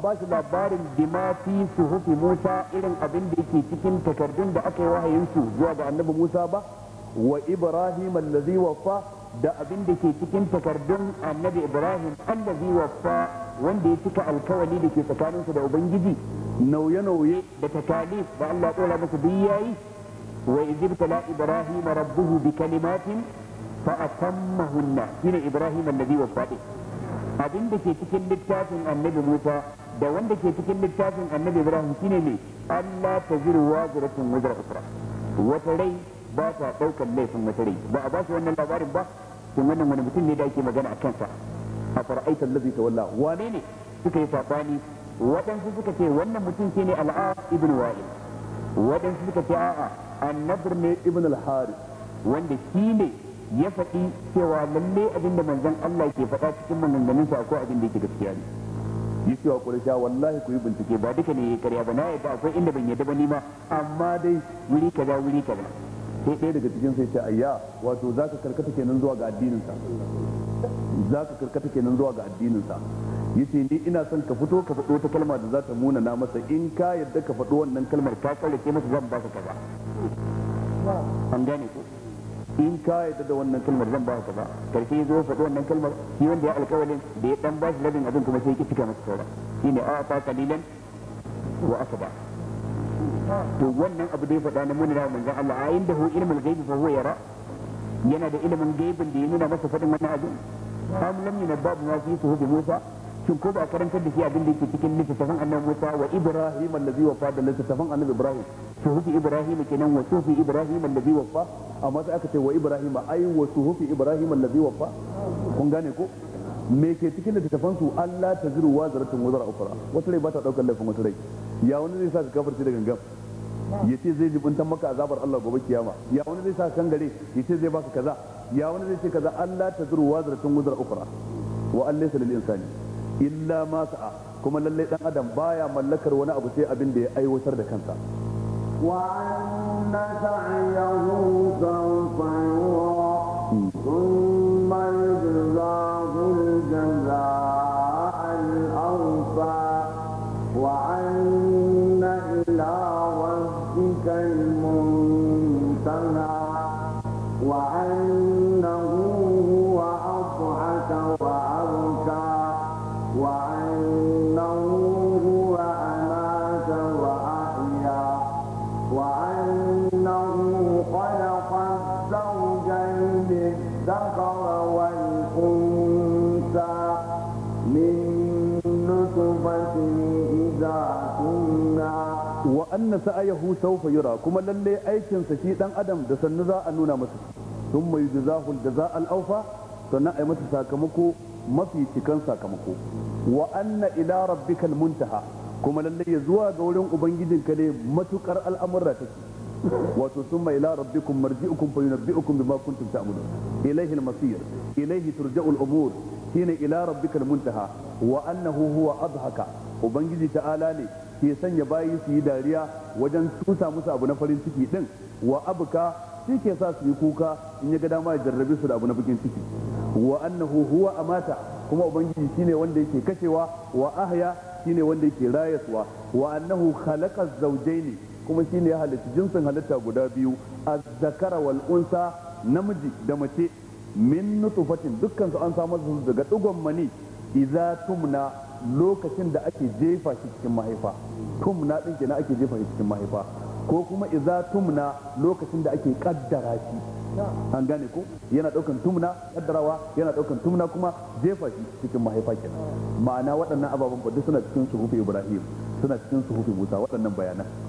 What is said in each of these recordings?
ba shi labarin bima fi suhufi Musa irin abin da yake cikin takardun da aka yi wahayinsu zuwa ga annabi Musa ba wa Ibrahim allazi waffa da abin da ke cikin takardun annabi Ibrahim allazi waffa wanda ya cika alkawali da ke tsakaninsa da ubangiji nauye-nauye da takali da Allah tsora masa duk yayi wa izibtala Ibrahim rabbuhu bi kalimatin fa atammahunna shine Ibrahim allazi waffa abin da ke cikin littafin annabi Musa da wanda ke cikin littafin annabi ibrahim shine ne Allah ta ziru wa ziratun wajar usra wata rai ba ta daukan laifin wata rai ba a ba su wannan labarin ba sun wannan wani mutum ne da ake magana a kansa a fara'aita ta walla wane ne suka yi sabani waɗansu suka ce wannan mutum shine al'a ibn wa'il waɗansu suka ce a'a annabir ne ibn al-hari wanda shine ya faɗi cewa lalle abinda manzon Allah ke faɗa cikin maganganunsa ko abin da yake gaskiya ne yi cewa quraysha wallahi ku yi bincike ba duka ne karya ba na yadda akwai inda ban yadda ba nima ma amma dai wuri kaza wuri kaza sai ɗaya daga cikin sai ce ayya wato za ka karkata kenan zuwa ga addininsa za ka karkata kenan zuwa ga addininsa ya ce ni ina son ka fito ka faɗo ta kalma da za ta muna na masa in ka yadda ka faɗo wannan kalmar ka tsare ke masa zan ba ka kaza an gane ko in ka yadda da wannan kalmar zan ba ka ba karshe ya zo faɗi wannan kalmar shi wanda ya alƙawalin da ya dan ba shi ladin abin kuma sai ki cika masa saura ne a ka kalilan wa asaba to wannan abu da ya faɗa na munira manzon Allah a inda hu ilmul ghaibi fa huwa yara yana da ilimin gaibin da ya nuna masa faɗin wannan abin am lam babu ma fi suhubi Musa shin ko ba karantar da shi abin da yake cikin littattafan annabi Musa wa Ibrahim allazi wafa da littattafan annabi Ibrahim suhufi ibrahim kenan wa suhufi ibrahim allazi waffa amma sai aka ce wa ibrahim ai wa suhufi ibrahim allazi waffa kun gane ko me ke cikin littattafan su Allah ta ziru wa zaratun wazara ukra wata rai ba ta daukar laifin wata rai ya wani zai sa ka kafirce da gangan ya ce zai buntan maka azabar Allah gobe kiyama ya wani zai sa kan ya ce zai baka kaza ya wani zai ce kaza Allah ta zuru wa zaratun wazara ukra wa allaysa lil insani illa ma sa'a kuma lalle dan adam baya mallakar wani abu sai abin da ya aiwatar da kansa وأن سعيه سوف يرى ثم يجزاه الجزاء الأوفى وأن إلى الذكر والأنثى من نطفة إذا تمنى وأن سعيه سوف يرى كما للي أيكن سشيطان أدم دسن ذا أنونا مسك ثم يجزاه الجزاء الأوفى sannan a yi masa sakamako mafi cikan sakamako wa anna ila muntaha kuma lallai ya zuwa ga wurin ubangijinka ne matukar al'amurra wato sun summa ila rabbikum marji'ukum fa yunabbi'ukum bima kuntum ta'malun ilayhi al-masir ilayhi turja'u umur shine ila rabbikal muntaha wa annahu huwa adhaka ubangiji ta'ala ne ke sanya bayi su yi dariya wajen tusa musu abu na farin ciki din wa abuka shi ke sa su yi kuka in ya ga dama ya jarrabe su da abu na bakin ciki wa annahu huwa amata kuma ubangiji shine wanda yake kashewa wa ahya shine wanda yake rayaswa wa annahu khalaqa ne. kuma shi ne ya halitta jinsin halitta guda biyu a zakara wal unsa namiji da mace min nutufatin dukkan su an samar su daga dugon mani idza tumna lokacin da ake jefa shi cikin mahaifa tumna din kenan ake jefa shi cikin mahaifa ko kuma idza tumna lokacin da ake kaddara shi an gane ko yana daukan tumna kaddarawa yana daukan tumna kuma jefa shi cikin mahaifa kenan ma'ana waɗannan ababen ba duk suna cikin suhufi ibrahim suna cikin suhufi musa waɗannan bayanan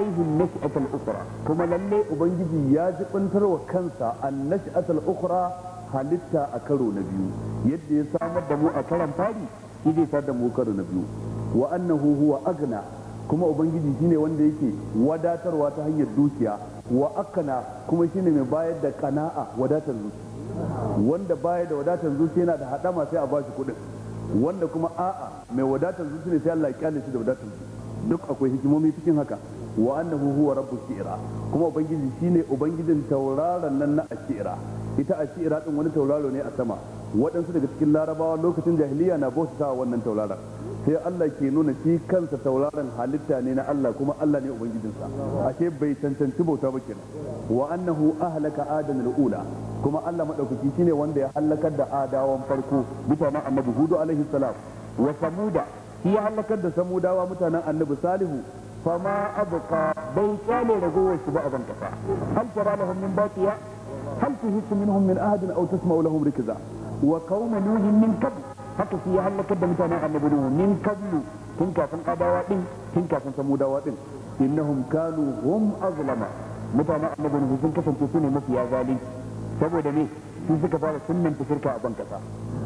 alaihim nash'atal ukhra kuma lalle ubangiji ya jibantar wa kansa an nash'atal ukhra halitta a karo na biyu yadda ya samar da mu a karan fari shi zai sadar da mu karo na biyu wa annahu huwa agna kuma ubangiji shine wanda yake wadatarwa ta hanyar dukiya wa akana kuma shine mai bayar da kana'a wadatar zuci wanda bayar da wadatar zuci yana da hadama sai a bashi kuɗin wanda kuma a'a mai wadatar zuci ne sai Allah ya kyale shi da wadatar zuci duk akwai hikimomi cikin haka wa annahu huwa rabbu shi'ra kuma ubangiji shine ubangijin tauraron nan na ashira ita ashira din wani tauraro ne a sama waɗansu daga cikin larabawa lokacin jahiliya na bautawa wannan tauraron sai Allah ke nuna shi kansa tauraron halitta ne na Allah kuma Allah ne ubangijinsa ashe bai cancanci bauta ba kenan wa annahu ahlaka adan alula kuma Allah madaukaki shine wanda ya halakar da adawan farko bisa ma annabi hudu alaihi salam wa samuda ya halakar da samudawa mutanen annabi salihu fama abuka bai kyale ragowar su ba a ban kasa hal tara lahum min baqiya hal tuhisu minhum min ahadin aw tasma'u lahum rikza wa qauma nuhin min qabl haka shi ya halakar da mutanen annabi min qablu tun kafin adawa din tun kafin samudawa din innahum kanu hum azlama mutanen annabi sun kasance su ne mafiya zalunci saboda ne su suka fara sunnan ta a ban kasa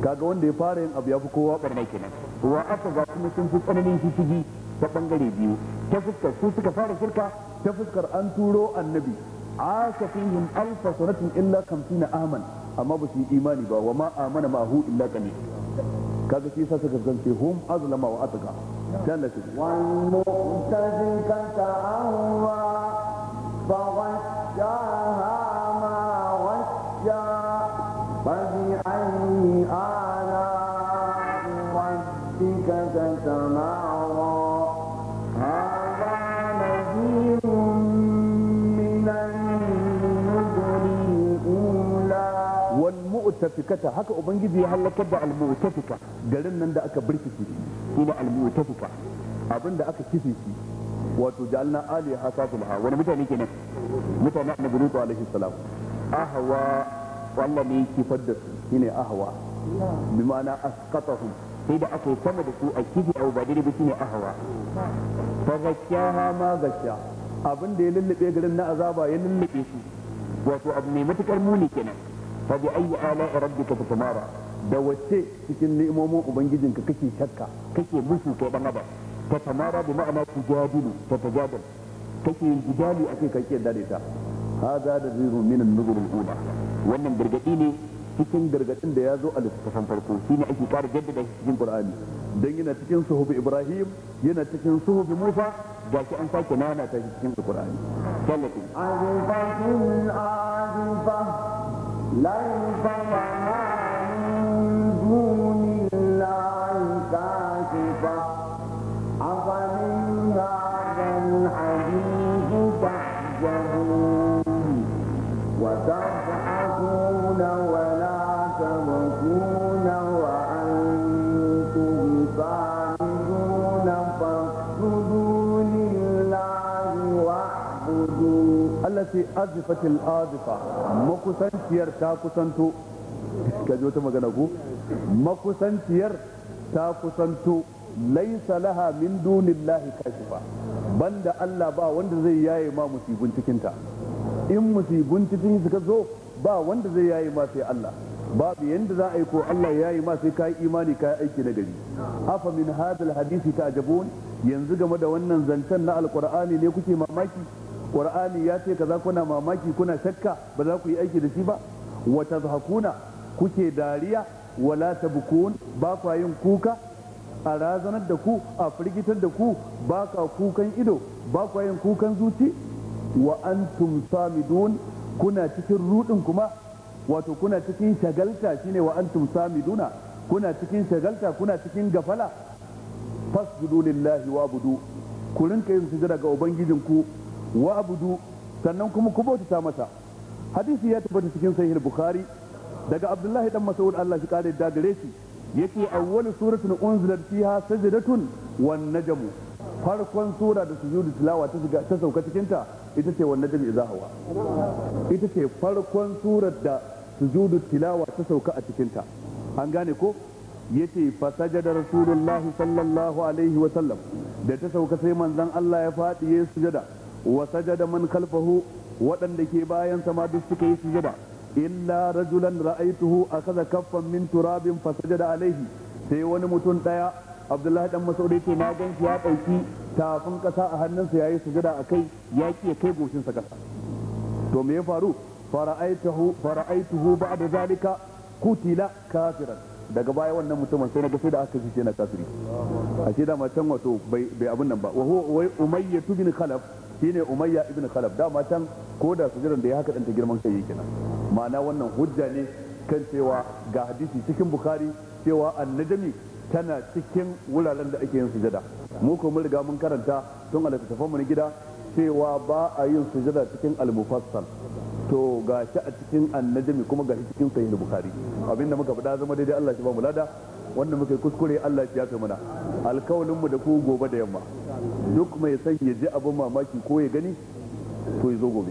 kaga wanda ya fara yin abu yafi fi kowa barna kenan wa aka ga kuma sun tsananin shishigi ta bangare biyu ta fuskar su suka fara shirka ta fuskar an turo annabi aka fihim alfa sanatin illa kamsina aman amma ba su yi imani ba wa ma amana ma hu illa qalil kaga shi yasa suka zance hum azlama wa atqa dan lafi wal mu'tazikata ahwa fa wajjaha ma wajja fa bi ayyi mu'tafikata haka ubangiji ya halakar da al-mu'tafifa garin nan da aka birkice kuma al-mu'tafifa abinda aka kife shi wato jalna ali hasatuha wani mutane kenan mutane annabi lutu alaihi salam ahwa wallah mai kifar da su shine ahwa bi ma'ana asqatahum sai da aka sama da su a kifi a ba daidai ba shine ahwa fa zakkaha ma zakka abin da ya lullube garin na azaba ya lullube su wato abu mai matukar muni kenan fa bi ayyi ala rabbika tatmara da wace cikin ni'imomin ubangijinka kake shakka kake musu ko ban da tatamara bi ma'ana tujadilu tatajadal kake jidali akai kake dade ta hada da ziru min an-nuzur al-ula wannan gargadi ne cikin gargadin da ya zo a littafin farko ne ake fara jaddada cikin qur'ani dan yana cikin suhubi ibrahim yana cikin suhubi musa ga an sake nana ta cikin qur'ani sallallahu alaihi wa sallam لن ترى من دونه allati al azifa makusanciyar ta kusanto ka ji wata magana ku makusanciyar ta kusanto laisa laha min dunillahi kashifa banda Allah ba wanda zai yaye ma musibin cikinta in musibin cikin suka zo ba wanda zai yaye ma sai Allah babu yanda za a yi ko Allah ya yi ma sai ka yi imani ka yi aiki na gari afa min hadal hadisi ta yanzu game da wannan zancen na alkur'ani ne kuke mamaki qur'ani ya ce kaza kuna mamaki kuna shakka ba za ku yi aiki da shi ba wa tazhakuna kuke dariya wala tabkun ba ku yin kuka a razanar da ku a firgitar da ku ba ka kukan ido ba ku yin kukan zuci wa antum samidun kuna cikin rudin kuma wato kuna cikin shagalta shine wa antum samiduna kuna cikin shagalta kuna cikin gafala fasjudu lillahi wa budu ku rinka yin sujada ga ku. wa abudu sannan kuma ku bauta masa hadisi ya tabbata cikin sahih bukhari daga abdullahi dan mas'ud Allah shi kare da gare shi yace awwalu suratun unzilat fiha sajdatun wan najmu farkon sura da sujud tilawa ta shiga ta sauka cikin ta ita ce wan najmi idza hawa ita ce farkon surar da sujud tilawa ta sauka a cikin ta an gane ko yace fa sajada rasulullahi sallallahu alaihi wa sallam da ta sauka sai manzon Allah ya fadi ya sujada wa sajada man khalfahu waɗanda ke bayan sama duk suka yi sujada illa rajulan ra'aituhu akaza kaffan min turabin fa sajada alaihi sai wani mutum daya Abdullahi dan Mas'ud yace na gan ya dauki tafin kasa a hannunsa yayi sujada akai ya ki kai goshin sa kasa to me ya faru fara'aituhu fara'aituhu ba'da zalika kutila kafiran daga baya wannan mutumin sai naga sai da aka ji na kafiri a ce da macen wato bai abin nan ba wa huwa umayyah bin khalaf shine umayya ibn khalaf da matan ko da jira da ya haka danta girman kai yake nan ma'ana wannan hujja ne kan cewa ga hadisi cikin bukhari cewa annajami tana cikin wuraren da ake yin sujada mu ko mun riga mun karanta tun a littattafan mu na gida cewa ba a yin sujada cikin al-mufassal to ga shi a cikin annajami kuma shi cikin sahih bukhari abinda muka faɗa zama daidai Allah shi ba mu lada wanda muka yi kuskure Allah ya fi mana alkawalin mu da ku gobe da yamma duk mai son ya ji abin mamaki ko ya gani to ya zo gobe